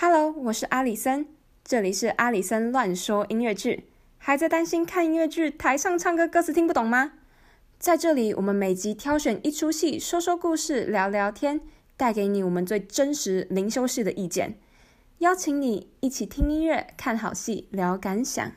哈嘍，我是阿里森，這裡是阿里森亂說音樂劇。還在擔心看音樂劇台上唱歌歌詞聽不懂嗎？在這裡，我們每集挑選一出戲，說說故事，聊聊天，帶給你我們最真實零修飾的意見。邀請你一起聽音樂，看好戲，聊感想。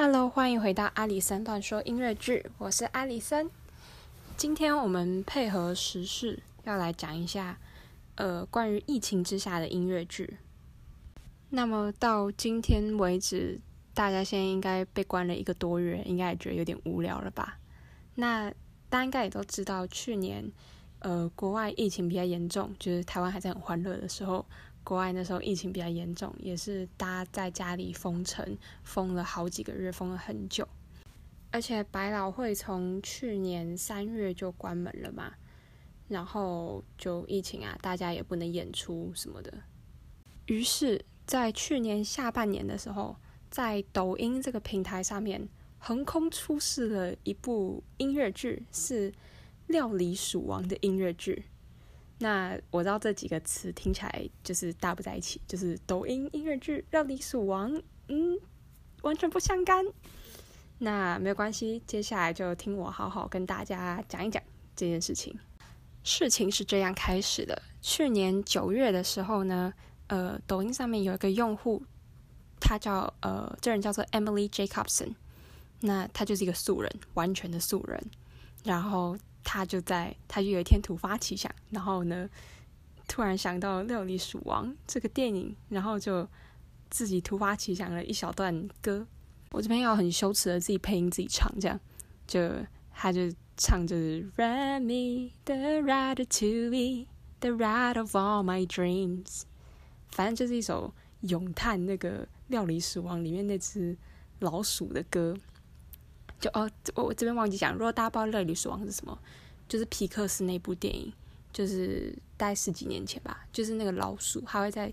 哈囉，歡迎回到阿里森亂說音樂劇，我是阿里森。今天我們配合時事，要來講一下，呃，關於疫情之下的音樂劇。那麼到今天為止，大家現在應該被關了一個多月，應該也覺得有點無聊了吧？那大家應該也都知道，去年，呃，國外疫情比較嚴重，就是台灣還在很歡樂的時候。國外那時候疫情比較嚴重，也是待在家裡封城，封了好幾個月，封了很久。而且百老匯從去年三月就關門了嘛，然後就疫情啊，大家也不能演出什麼的。於是，在去年下半年的時候，在抖音這個平台上面，橫空出世了一部音樂劇，是《料理鼠王》的音樂劇。那我知道這幾個詞聽起來就是搭不在一起，就是抖音音樂劇《料理鼠王》，嗯，完全不相干。那沒有關係，接下來就聽我好好跟大家講一講這件事情。事情是這樣開始的，去年九月的時候呢，呃，抖音上面有一個用戶，他叫呃，這人叫做 Emily Jacobson，那他就是一個素人，完全的素人，然後。他就在，他就有一天突發奇想，然後呢，突然想到《料理鼠王》這個電影，然後就自己突發奇想了一小段歌。我這邊要很羞恥的自己配音自己唱，這樣就他就唱着《Remy the Rat to be the Rat of all my dreams，》 反正就是一首詠嘆那個《料理鼠王》裡面那隻老鼠的歌。就哦，我我、哦、這邊忘記講，如果大家不知道《料理鼠王》是什麼，就是皮克斯那部電影，就是大概十幾年前吧，就是那個老鼠還會在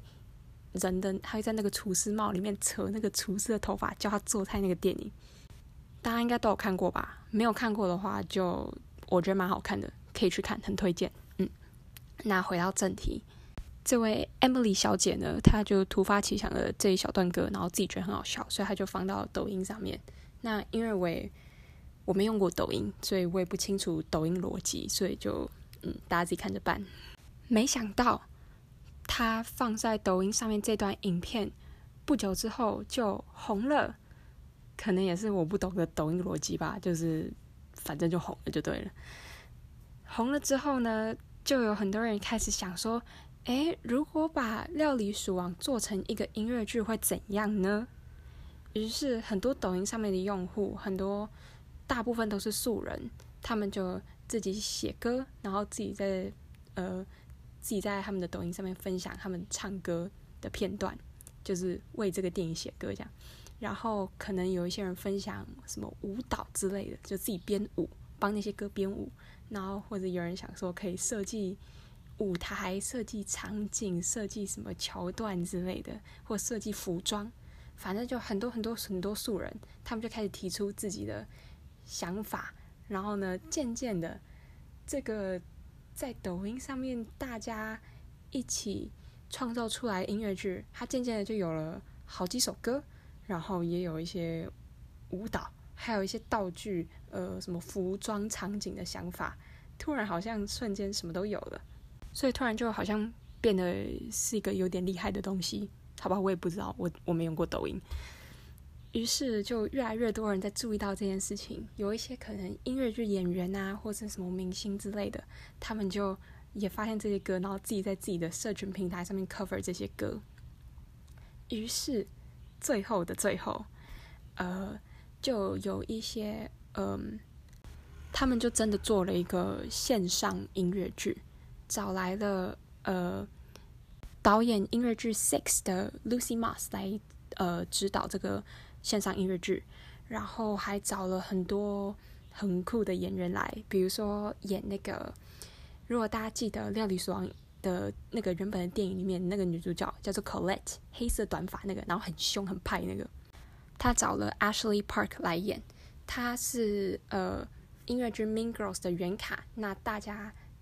人的，還會在那個廚師帽裡面扯那個廚師的頭髮，教他做菜那個電影，大家應該都有看過吧？沒有看過的話，就我覺得蠻好看的，可以去看，很推薦。嗯，那回到正題，這位 Emily 小姐呢，她就突發奇想的這一小段歌，然後自己覺得很好笑，所以她就放到抖音上面。那因為我也我沒用過抖音，所以我也不清楚抖音邏輯，所以就嗯，大家自己看着辦。沒想到他放在抖音上面這段影片，不久之後就紅了，可能也是我不懂的抖音邏輯吧，就是反正就紅了就對了。紅了之後呢，就有很多人開始想說，誒,如果把料理鼠王做成一個音樂劇會怎樣呢？於是，很多抖音上面的用戶，很多大部分都是素人，他們就自己寫歌，然後自己在呃自己在他們的抖音上面分享他們唱歌的片段，就是為這個電影寫歌這樣。然後可能有一些人分享什麼舞蹈之類的，就自己編舞，幫那些歌編舞。然後或者有人想說可以設計舞台、設計場景、設計什麼橋段之類的，或設計服裝。反正就很多很多很多素人，他們就開始提出自己的想法，然後呢，漸漸的，這個在抖音上面大家一起創造出來音樂劇，它漸漸的就有了好幾首歌，然後也有一些舞蹈，還有一些道具，呃，什麼服裝、場景的想法，突然好像瞬間什麼都有了，所以突然就好像變得是一個有點厲害的東西。好吧，我也不知道，我我沒用過抖音。於是就越來越多人在注意到這件事情，有一些可能音樂劇演員啊，或者什麼明星之類的，他們就也發現這些歌，然後自己在自己的社群平台上面 cover 這些歌。於是最後的最後，呃，就有一些，嗯、呃，他們就真的做了一個線上音樂劇，找來了，呃。導演音樂劇《SIX》的 Lucy Moss 來，呃，指導這個線上音樂劇，然後還找了很多很酷的演員來，比如說演那個，如果大家記得《料理鼠王》的那個原本的電影裡面那個女主角叫做 Colette，黑色短髮那個，然後很凶很派那個，她找了 Ashley Park 來演，她是呃音樂劇《Mean Girls》的原卡，那大家。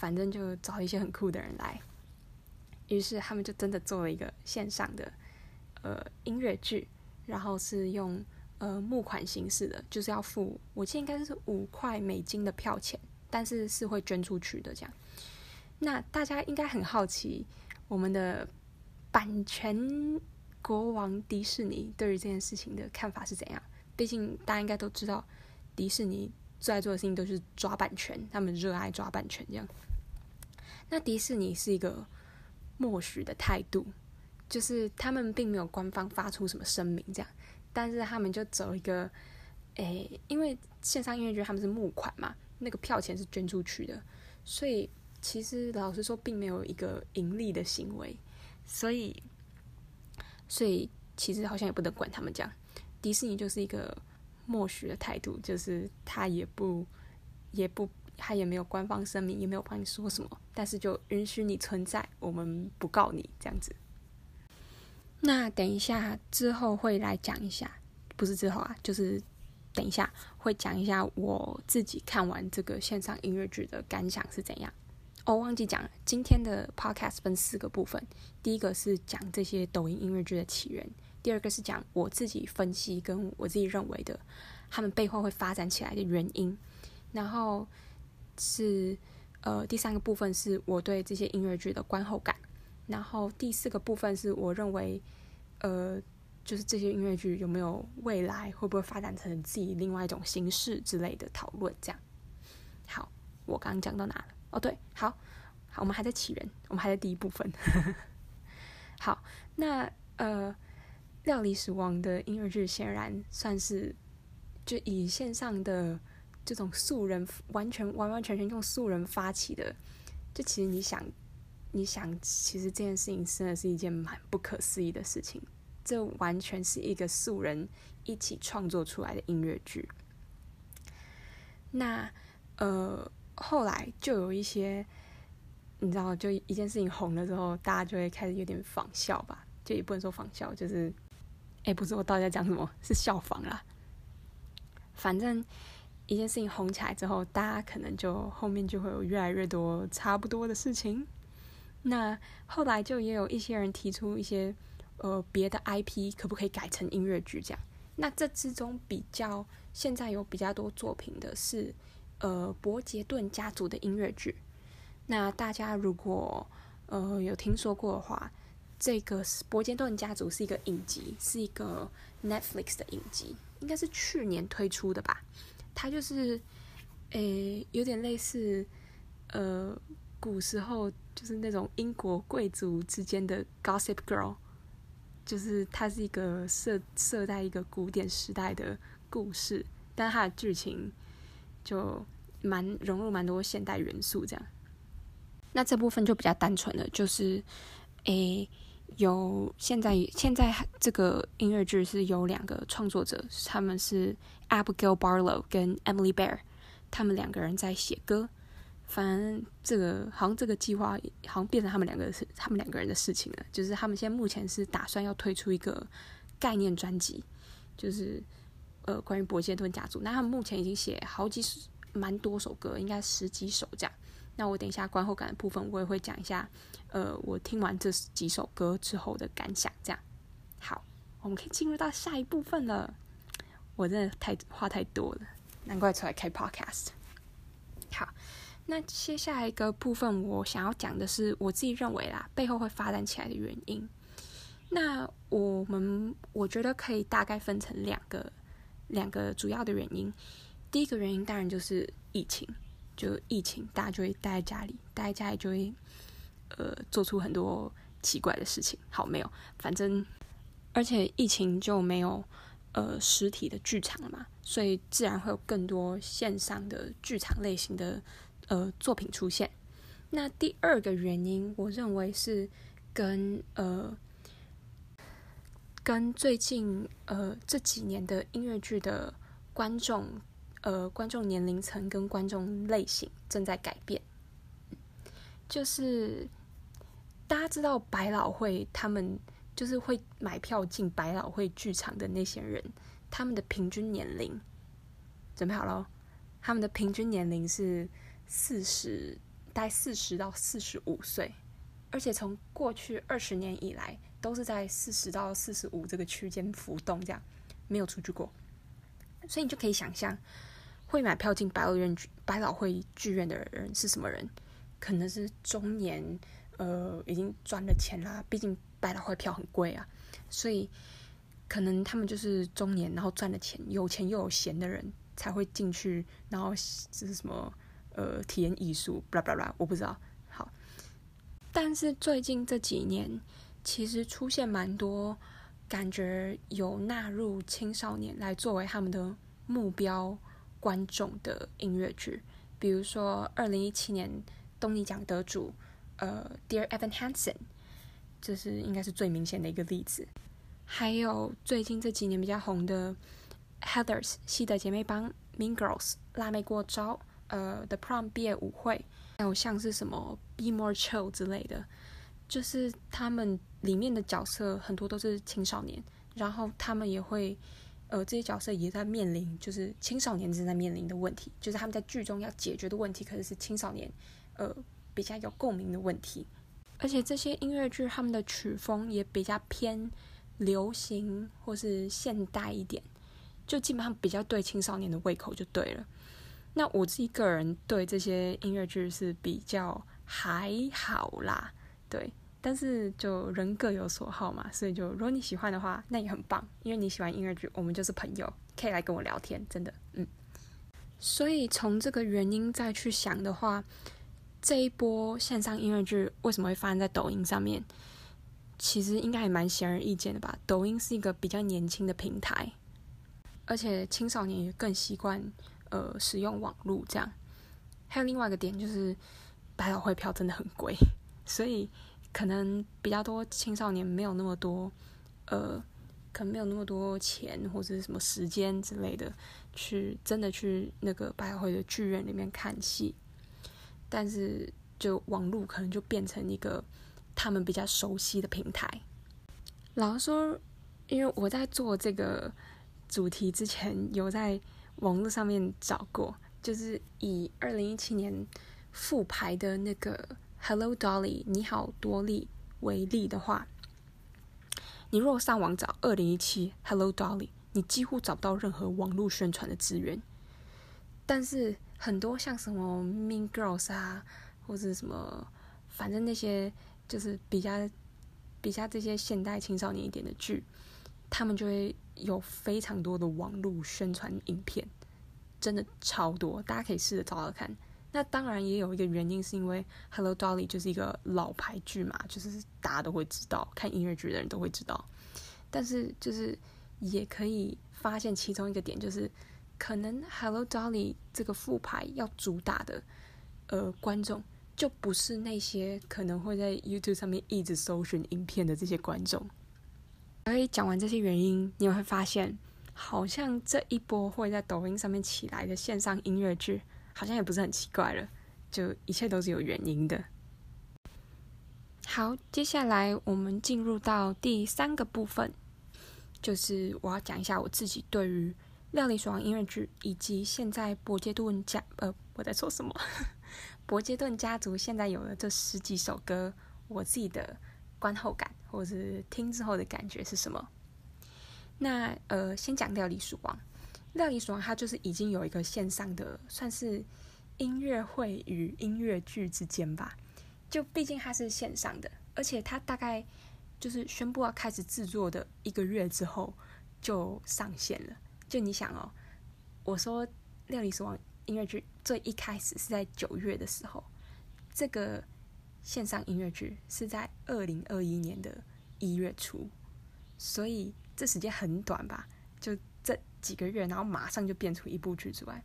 反正就找一些很酷的人來，於是他們就真的做了一個線上的呃音樂劇，然後是用呃募款形式的，就是要付，我記得應該是五塊美金的票錢，但是是會捐出去的這樣。那大家應該很好奇我們的版權國王迪士尼對於這件事情的看法是怎樣？畢竟大家應該都知道，迪士尼最愛做的事情都是抓版權，他們熱愛抓版權這樣。那迪士尼是一個默許的態度，就是他們並沒有官方發出什麼聲明這樣，但是他們就走一個，誒，因為線上音樂劇他們是募款嘛，那個票錢是捐出去的，所以其實老實說並沒有一個盈利的行為，所以，所以，所以其實好像也不能管他們這樣，迪士尼就是一個默許的態度，就是他也不也不。他也沒有官方聲明，也沒有幫你說什麼，但是就允許你存在，我們不告你這樣子。那等一下之後會來講一下，不是之後啊，就是等一下會講一下我自己看完這個線上音樂劇的感想是怎樣。哦，忘記講了，今天的 podcast 分四個部分，第一個是講這些抖音音樂劇的起源，第二個是講我自己分析跟我自己認為的他們背後會發展起來的原因，然後。是，呃，第三個部分是我對這些音樂劇的觀後感，然後第四個部分是我認為，呃，就是這些音樂劇有沒有未來，會不會發展成自己另外一種形式之類的討論，這樣。好，我剛剛講到哪了？哦，對，好，好，我們還在起源，我們還在第一部分。 好，那呃，《料理鼠王》的音樂劇顯然算是就以線上的。這種素人完全完完全全用素人發起的，就其實你想，你想，其實這件事情真的是一件蠻不可思議的事情。這完全是一個素人一起創作出來的音樂劇。那呃，後來就有一些，你知道，就一件事情紅了之後，大家就會開始有點仿效吧，就也不能說仿效，就是，哎，不是，我到底在講什麼？是效仿啦，反正。一件事情紅起來之後，大家可能就後面就會有越來越多差不多的事情。那後來就也有一些人提出一些，呃，別的 IP 可不可以改成音樂劇這樣？那這之中比較現在有比較多作品的是，呃，伯杰頓家族的音樂劇。那大家如果呃有聽說過的話，這個伯杰頓家族是一個影集，是一個 Netflix 的影集，應該是去年推出的吧。它就是，誒，有點類似，呃，古時候就是那種英國貴族之間的 Gossip Girl，就是它是一個設設在一個古典時代的故事，但它的劇情就蠻融入蠻多現代元素，這樣。那這部分就比較單純了，就是，誒。有現在現在這個音樂劇是有兩個創作者，他們是 Abigail Barlow 跟 Emily Bear，他們兩個人在寫歌。反正這個好像這個計劃好像變成他們兩個人是他們兩個人的事情了。就是他們現在目前是打算要推出一個概念專輯，就是呃關於伯杰頓家族。那他們目前已經寫好幾首，蠻多首歌，應該十幾首這樣。那我等一下觀後感的部分，我也會講一下，呃，我聽完這幾首歌之後的感想。這樣，好，我們可以進入到下一部分了。我真的太話太多了，難怪出來開 Podcast。好，那接下來一個部分，我想要講的是我自己認為啦，背後會發展起來的原因。那我們我覺得可以大概分成兩個兩個主要的原因。第一個原因當然就是疫情。就疫情，大家就會待在家裡，待在家，家裡就會，呃，做出很多奇怪的事情。好，沒有，反正，而且疫情就沒有呃實體的劇場了嘛，所以自然會有更多線上的劇場類型的呃作品出現。那第二個原因，我認為是跟呃跟最近呃這幾年的音樂劇的觀眾。呃，觀眾年齡層跟觀眾類型正在改變，就是大家知道百老匯他們就是會買票進百老匯劇場的那些人，他們的平均年齡，準備好了，他們的平均年齡是四十，大概四十到四十五歲，而且從過去二十年以來都是在四十到四十五這個區間浮動，這樣沒有出去過，所以你就可以想象。會買票進百老院百老匯劇院的人是什麼人？可能是中年，呃，已經賺了錢啦。畢竟百老匯票很貴啊，所以可能他們就是中年，然後賺了錢、有錢又有閒的人才會進去，然後這是什麼，呃，體驗藝術，blah blah blah，我不知道。好，但是最近這幾年，其實出現蠻多感覺有納入青少年來作為他們的目標。觀眾的音樂劇，比如說二零一七年東尼獎得主，呃，Dear Evan Hansen，這是應該是最明顯的一個例子。還有最近這幾年比較紅的 Heathers 希德姐妹幫，Mean Girls，辣妹過招，呃，The Prom 畢業舞會，還有像是什麼 Be More Chill 之類的，就是他們裡面的角色很多都是青少年，然後他們也會。呃，這些角色也在面臨，就是青少年正在面臨的問題，就是他們在劇中要解決的問題，可能是，是青少年，呃，比較有共鳴的問題。而且這些音樂劇他們的曲風也比較偏流行或是現代一點，就基本上比較對青少年的胃口就對了。那我自己個人對這些音樂劇是比較還好啦，對。但是就人各有所好嘛，所以就如果你喜歡的話，那也很棒，因為你喜歡音樂劇，我們就是朋友，可以來跟我聊天，真的，嗯。所以從這個原因再去想的話，這一波線上音樂劇為什麼會發生在抖音上面？其實應該還蠻顯而易見的吧。抖音是一個比較年輕的平台，而且青少年也更習慣呃使用網絡這樣。還有另外一個點就是，百老匯票真的很貴，所以。可能比較多青少年沒有那麼多，呃，可能沒有那麼多錢或者什麼時間之類的，去真的去那個百老匯的劇院裡面看戲，但是就網絡可能就變成一個他們比較熟悉的平台。老實說，因為我在做這個主題之前有在網絡上面找過，就是以二零一七年複排的那個。Hello Dolly，你好多莉，為例的話，你若上網找二零一七 Hello Dolly，你幾乎找不到任何網絡宣傳的資源。但是很多像什麼 Mean Girls 啊，或者什麼，反正那些就是比較比較這些現代青少年一點的劇，他們就會有非常多的網絡宣傳影片，真的超多，大家可以試着找找看。那當然也有一個原因，是因為《Hello Dolly》就是一個老牌劇嘛，就是大家都會知道，看音樂劇的人都會知道。但是就是也可以發現其中一個點，就是可能《Hello Dolly》這個復排要主打的呃觀眾，就不是那些可能會在 YouTube 上面一直搜尋影片的這些觀眾。所以講完這些原因，你會發現，好像這一波會在抖音上面起來的線上音樂劇，好像也不是很奇怪了，就一切都是有原因的。好，接下來我們進入到第三個部分，就是我要講一下我自己對於《料理鼠王》音樂劇以及現在伯杰頓家……呃，我在說什麼？ 伯杰頓家族現在有了這十幾首歌，我自己的觀後感或者是聽之後的感覺是什麼？那呃，先講《料理鼠王》。料理鼠王，它就是已經有一個線上的，算是音樂會與音樂劇之間吧。就畢竟它是線上的，而且它大概就是宣布要開始制作的一個月之後就上線了。就你想哦，我說料理鼠王音樂劇最一開始是在九月的時候，這個線上音樂劇是在二零二一年的一月初，所以這時間很短吧？就。幾個月，然後馬上就變出一部劇之外，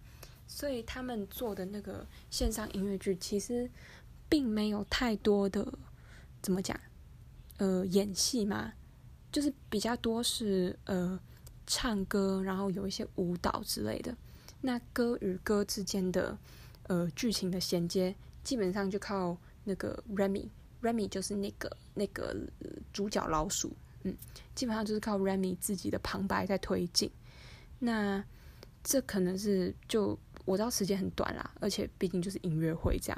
所以他們做的那個線上音樂劇其實並沒有太多的怎麼講，呃，演戲嘛，就是比較多是呃唱歌，然後有一些舞蹈之類的。那歌與歌之間的呃劇情的銜接，基本上就靠那個 Remy，Remy Remy 就是那個那個、呃、主角老鼠，嗯，基本上就是靠 Remy 自己的旁白在推進。那這可能是就我知道時間很短啦，而且畢竟就是音樂會這樣，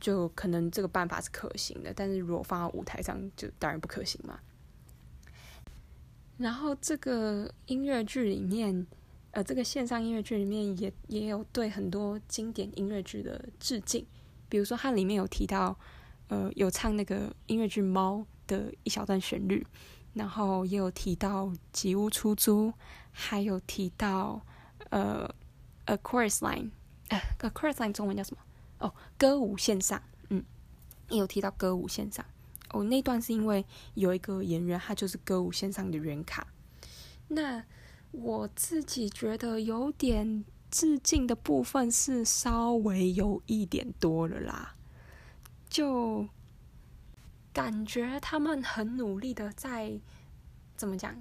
就可能這個辦法是可行的。但是如果放到舞台上，就當然不可行嘛。然後這個音樂劇裡面，呃，這個線上音樂劇裡面也也有對很多經典音樂劇的致敬，比如說它裡面有提到，呃，有唱那個音樂劇《貓》的一小段旋律，然後也有提到《吉屋出租》。還有提到，呃，a chorus line，呃，a chorus line 中文叫什麼？哦，歌舞線上。嗯，有提到歌舞線上。哦，那段是因為有一個演員，他就是歌舞線上的原卡。那我自己覺得有點致敬的部分是稍微有一點多了啦，就感覺他們很努力的在怎麼講？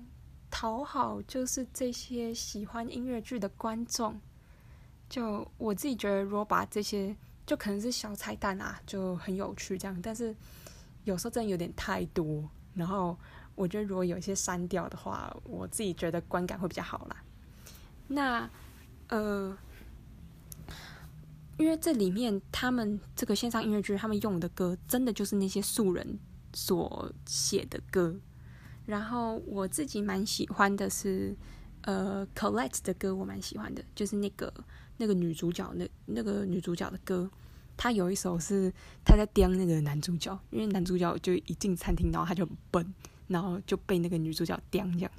討好就是這些喜歡音樂劇的觀眾，就我自己覺得，如果把這些就可能是小彩蛋啊，就很有趣這樣。但是有時候真的有點太多，然後我覺得如果有一些刪掉的話，我自己覺得觀感會比較好啦。那呃，因為這裡面他們這個線上音樂劇，他們用的歌真的就是那些素人所寫的歌。然後我自己蠻喜歡的是，呃，Colette 的歌我蠻喜歡的，就是那個那個女主角那那個女主角的歌，她有一首是她在叮那個男主角，因為男主角就一進餐廳，然後他就崩，然後就被那個女主角叮這樣。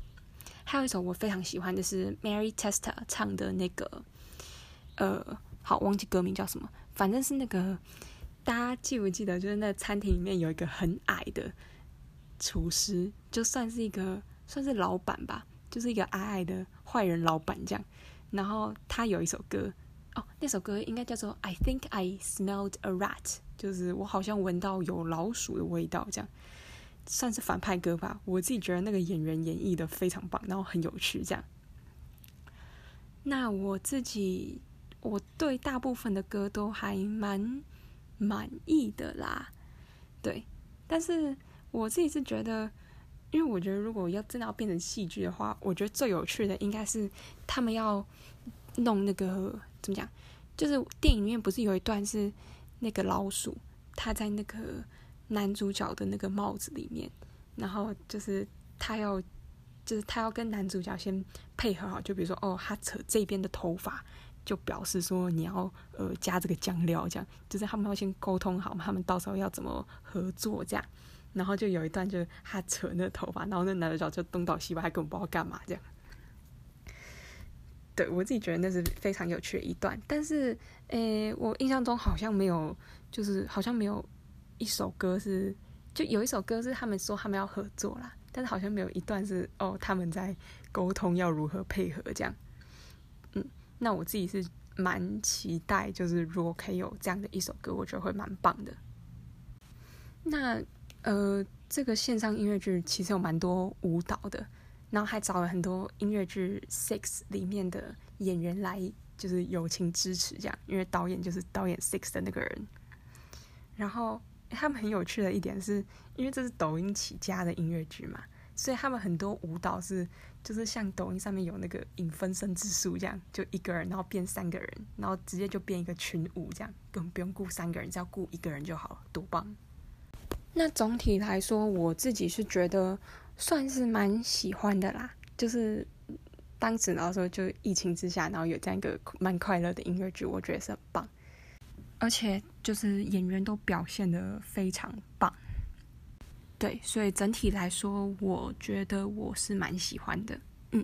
還有一首我非常喜歡的是 Mary Testa 唱的那個，呃，好，忘記歌名叫什麼，反正是那個，大家記不記得，就是那餐廳裡面有一個很矮的。廚師，就算是一個算是老闆吧，就是一個矮矮的壞人老闆這樣。然後他有一首歌，哦，那首歌應該叫做《I Think I Smelled a Rat》，就是我好像聞到有老鼠的味道這樣。算是反派歌吧，我自己覺得那個演員演繹的非常棒，然後很有趣這樣。那我自己我對大部分的歌都還蠻滿意的啦，對，但是，我自己是覺得，因為我覺得如果要真的要變成戲劇的話，我覺得最有趣的應該是他們要弄那個怎麼講，就是電影裡面不是有一段是那個老鼠，他在那個男主角的那個帽子裡面，然後就是他要就是他要跟男主角先配合好，就比如說哦，他扯這邊的頭髮，就表示說你要呃加這個醬料，這樣，就是他們要先溝通好，他們到時候要怎麼合作，這樣。然後就有一段就是他扯那頭髮，然後那男主角就東倒西歪，他根本不知道幹嘛這樣。對，我自己覺得那是非常有趣的一段，但是，誒，我印象中好像沒有，就是好像沒有一首歌是，就有一首歌是他們說他們要合作啦，但是好像沒有一段是哦他們在溝通要如何配合這樣。嗯，那我自己是蠻期待，就是如果可以有這樣的一首歌，我覺得會蠻棒的。那。呃，這個線上音樂劇其實有蠻多舞蹈的，然後還找了很多音樂劇《Six》裡面的演員來，就是友情支持這樣，因為導演就是導演《Six》的那個人。然後他們很有趣的一點是，因為這是抖音起家的音樂劇嘛，所以他們很多舞蹈是，就是像抖音上面有那個影分身之術這樣，就一個人然後變三個人，然後直接就變一個群舞這樣，不用僱三個人，只要僱一個人就好了，多棒！那總體來說，我自己是覺得算是蠻喜歡的啦。就是當時那時候就疫情之下，然後有這樣一個蠻快樂的音樂劇，我覺得是很棒。而且就是演員都表現得非常棒。對，所以整體來說，我覺得我是蠻喜歡的。嗯，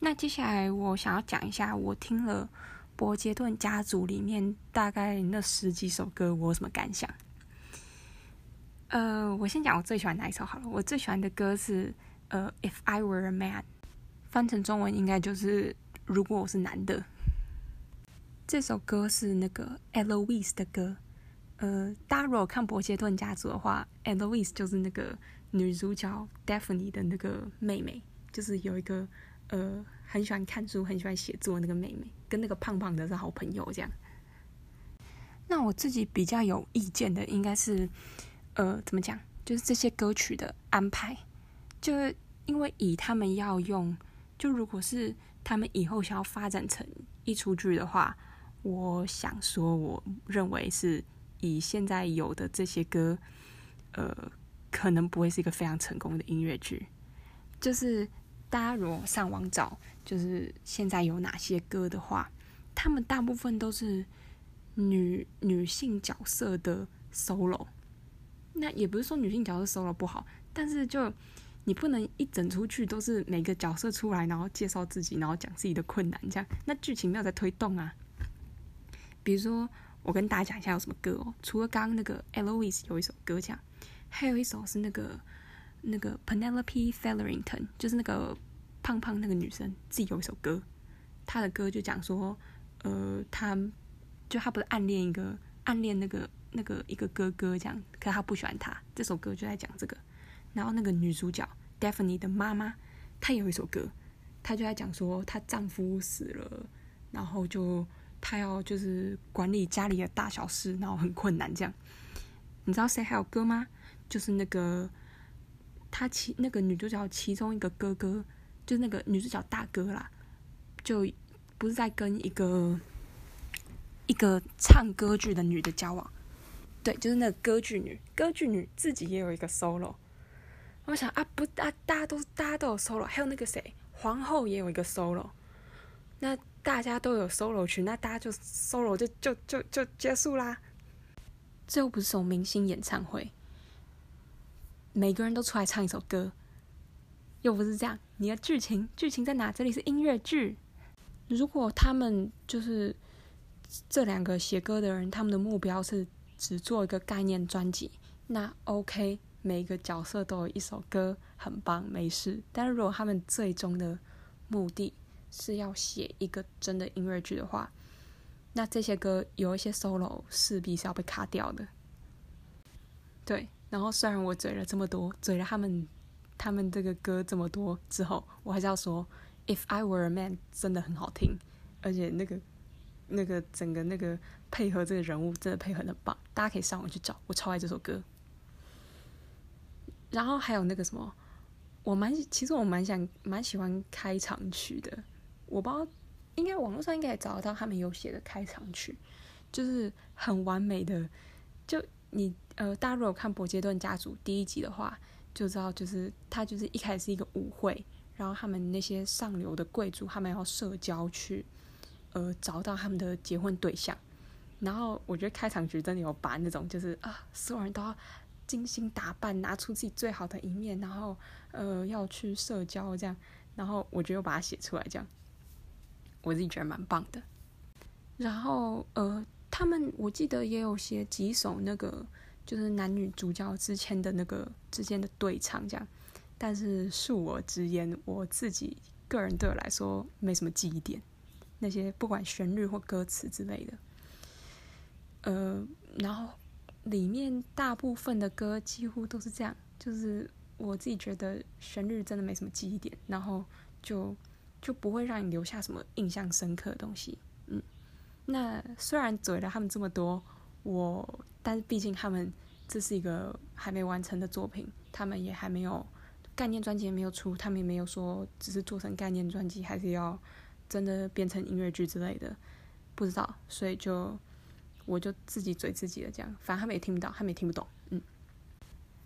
那接下來我想要講一下，我聽了《伯杰頓家族》裡面大概那十幾首歌，我有什麼感想？呃，我先講我最喜歡哪一首好了。我最喜歡的歌是呃 "If I Were a Man"，翻成中文應該就是"如果我是男的"。這首歌是那個 Eloise 的歌。呃，大家如果看《伯傑頓》家族的話，Eloise 就是那個女主角 Daphne 的那個妹妹，就是有一個呃很喜歡看書、很喜歡寫作的那個妹妹，跟那個胖胖的是好朋友這樣。那我自己比較有意見的應該是。呃，怎麼講？就是這些歌曲的安排，就因為，以他們要用，就如果是他們以後想要發展成一出劇的話，我想說，我認為是以現在有的這些歌，呃，可能不會是一個非常成功的音樂劇。就是大家如果上網找，就是現在有哪些歌的話，他們大部分都是女女性角色的 solo。那也不是說女性角色 solo 不好，但是就你不能一整出去都是每個角色出來，然後介紹自己，然後講自己的困難，這樣那劇情沒有在推動啊。比如說，我跟大家講一下有什麼歌哦，除了剛剛那個 Eloise 有一首歌這樣，還有一首是那個那個 Penelope Featherington，就是那個胖胖那個女生自己有一首歌，她的歌就講說，呃，她就她不是暗戀一個暗戀那個。那個一個哥哥這樣，可他不喜歡他。這首歌就在講這個。然後那個女主角 Daphne 的媽媽，她也有一首歌，她就在講說她丈夫死了，然後就她要就是管理家裡的大小事，然後很困難這樣。你知道誰還有歌嗎？就是那個她其那個女主角其中一個哥哥，就那個女主角大哥啦，就不是在跟一個一個唱歌劇的女的交往。對，就是那個歌劇女，歌劇女自己也有一個 solo。我想啊，不啊，大家都大家都有 solo，還有那個誰，皇後也有一個 solo。那大家都有 solo 群，那大家就 solo 就就就就，就結束啦。這又不是什麼明星演唱會，每個人都出來唱一首歌，又不是這樣。你的劇情，劇情在哪？這裡是音樂劇。如果他們就是這兩個寫歌的人，他們的目標是。只做一個概念專輯，那 OK，每一個角色都有一首歌，很棒，沒事。但是如果他們最終的目的是要寫一個真的音樂劇的話，那這些歌有一些 solo 勢必是要被卡掉的。對，然後雖然我嘴了這麼多，嘴了他們他們這個歌這麼多之後，我還是要說，If I Were a Man 真的很好聽，而且那個。那個整個那個配合這個人物真的配合的棒，大家可以上網去找，我超愛這首歌。然後還有那個什麼，我蠻其實我蠻想蠻喜歡開場曲的，我不知道應該網絡上應該也找得到，他們有寫的開場曲，就是很完美的。就你呃，大家如果看《伯傑頓家族》第一集的話，就知道就是他就是一開始是一個舞會，然後他們那些上流的貴族他們要社交去。呃，找到他們的結婚對象，然後我覺得開場曲真的有把那種就是啊，所有人都要精心打扮，拿出自己最好的一面，然後呃要去社交這樣，然後我覺得又把它寫出來這樣，我自己覺得蠻棒的。然後呃，他們我記得也有寫幾首那個就是男女主角之間的那個之間的對唱這樣，但是恕我直言，我自己個人對我來說沒什麼記憶點。那些不管旋律或歌詞之類的，呃，然後裡面大部分的歌幾乎都是這樣，就是我自己覺得旋律真的沒什麼記憶點，然後就就不會讓你留下什麼印象深刻的東西。嗯，那雖然嘴了他們這麼多，我，但是畢竟他們這是一個還沒完成的作品，他們也還沒有概念專輯也沒有出，他們也沒有說只是做成概念專輯還是要。真的變成音樂劇之類的，不知道，所以就我就自己嘴自己的這樣，反正他們也聽不到，他們也聽不懂，嗯。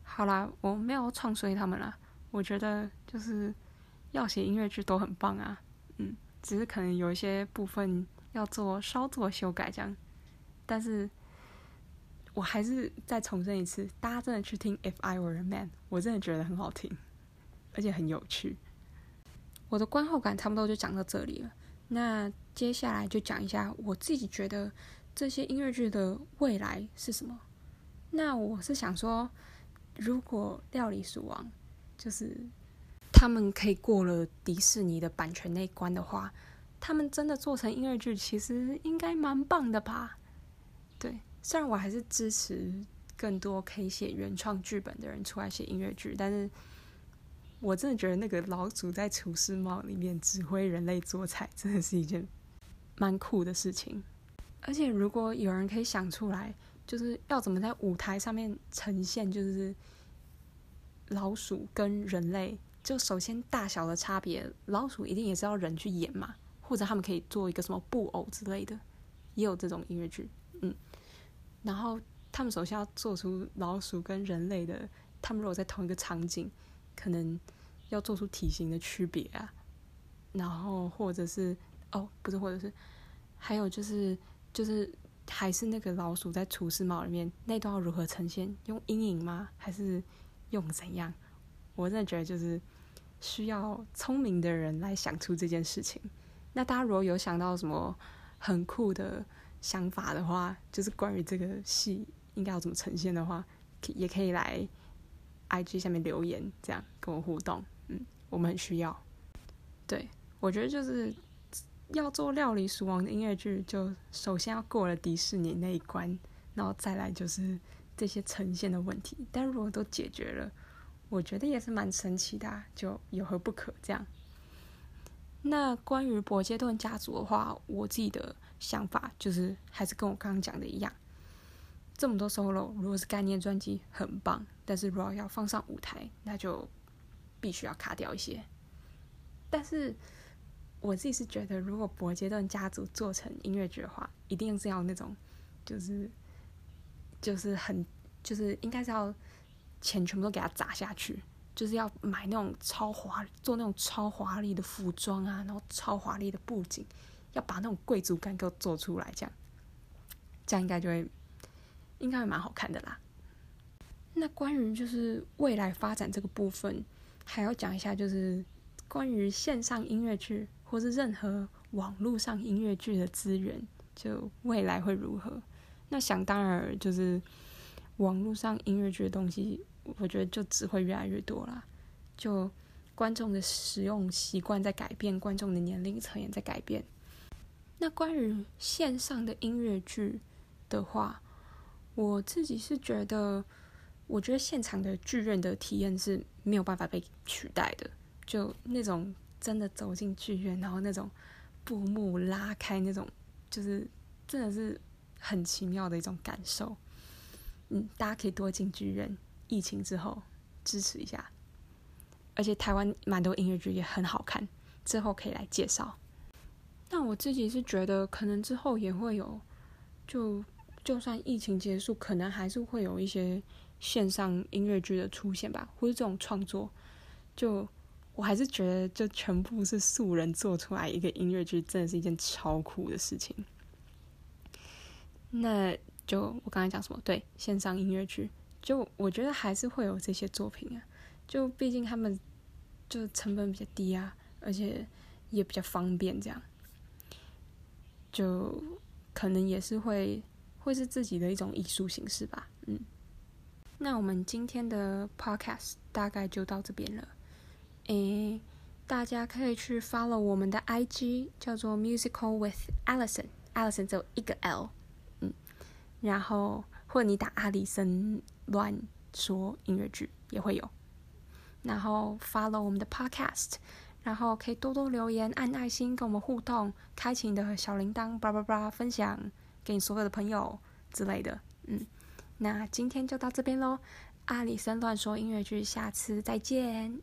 好啦，我沒有唱衰他們啦，我覺得就是要寫音樂劇都很棒啊，嗯，只是可能有一些部分要做稍作修改這樣，但是我還是再重申一次，大家真的去聽《If I Were a Man》，我真的覺得很好聽，而且很有趣。我的觀後感差不多就講到這裡了。那接下來就講一下我自己覺得這些音樂劇的未來是什麼。那我是想說，如果料理鼠王就是他們可以過了迪士尼的版權那一關的話，他們真的做成音樂劇，其實應該蠻棒的吧？對，雖然我還是支持更多可以寫原創劇本的人出來寫音樂劇，但是。我真的覺得那個老鼠在廚師帽裡面指揮人類做菜，真的是一件蠻酷的事情。而且，如果有人可以想出來，就是要怎麼在舞台上面呈現，就是老鼠跟人類，就首先大小的差別，老鼠一定也是要人去演嘛，或者他們可以做一個什麼布偶之類的，也有這種音樂劇。嗯，然後他們首先要做出老鼠跟人類的，他們如果在同一個場景。可能要做出體型的區別啊，然後或者是哦，不是，或者是，還有就是，就是還是那個老鼠在廚師帽裡面那段要如何呈現？用陰影嗎？還是用怎樣？我真的覺得就是需要聰明的人來想出這件事情。那大家如果有想到什麼很酷的想法的話，就是關於這個戲應該要怎麼呈現的話，也可以來。I G 下面留言，這樣跟我互動，嗯，我們很需要。對，我覺得就是要做《料理鼠王》的音樂劇，就首先要過了迪士尼那一關，然後再來就是這些呈現的問題。但如果都解決了，我覺得也是蠻神奇的啊，就有何不可這樣？那關於伯杰頓家族的話，我自己的想法就是還是跟我剛剛講的一樣。這麼多 solo，如果是概念專輯很棒，但是如果要放上舞台，那就必須要卡掉一些。但是我自己是覺得，如果伯杰頓家族做成音樂劇的話，一定是要那種，就是就是很就是應該是要錢全部都給他砸下去，就是要買那種超華做那種超華麗的服裝啊，然後超華麗的布景，要把那種貴族感給我做出來，這樣這樣應該就會。應該蠻好看的啦。那關於就是未來發展這個部分，還要講一下，就是關於線上音樂劇或是任何網絡上音樂劇的資源，就未來會如何？那想當然就是網絡上音樂劇的東西，我覺得就只會越來越多啦。就觀眾的使用習慣在改變，觀眾的年齡層也在改變。那關於線上的音樂劇的話，我自己是覺得，我覺得現場的劇院的體驗是沒有辦法被取代的，就那種真的走進劇院，然後那種布幕拉開，那種就是真的是很奇妙的一種感受。嗯，大家可以多進劇院，疫情之後支持一下。而且台灣蠻多音樂劇也很好看，之後可以來介紹。那我自己是覺得，可能之後也會有就。就算疫情結束，可能還是會有一些線上音樂劇的出現吧，或是這種創作，就我還是覺得，就全部是素人做出來一個音樂劇，真的是一件超酷的事情。那就我剛才講什麼，對，線上音樂劇，就我覺得還是會有這些作品啊，就畢竟他們就成本比較低啊，而且也比較方便，這樣，就可能也是會。會是自己的一種藝術形式吧，嗯。那我們今天的 podcast 大概就到這邊了。誒，大家可以去 follow 我們的 IG，叫做 Musical with Alison，Alison Alison 只有一個 L，嗯。然後或你打阿里森亂說音樂劇也會有。然後 follow 我們的 podcast，然後可以多多留言、按愛心跟我們互動，開啟你的小鈴鐺，叭叭叭，分享。給你所有的朋友之類的，嗯，那今天就到這邊嘍。阿里森亂說音樂劇，下次再見。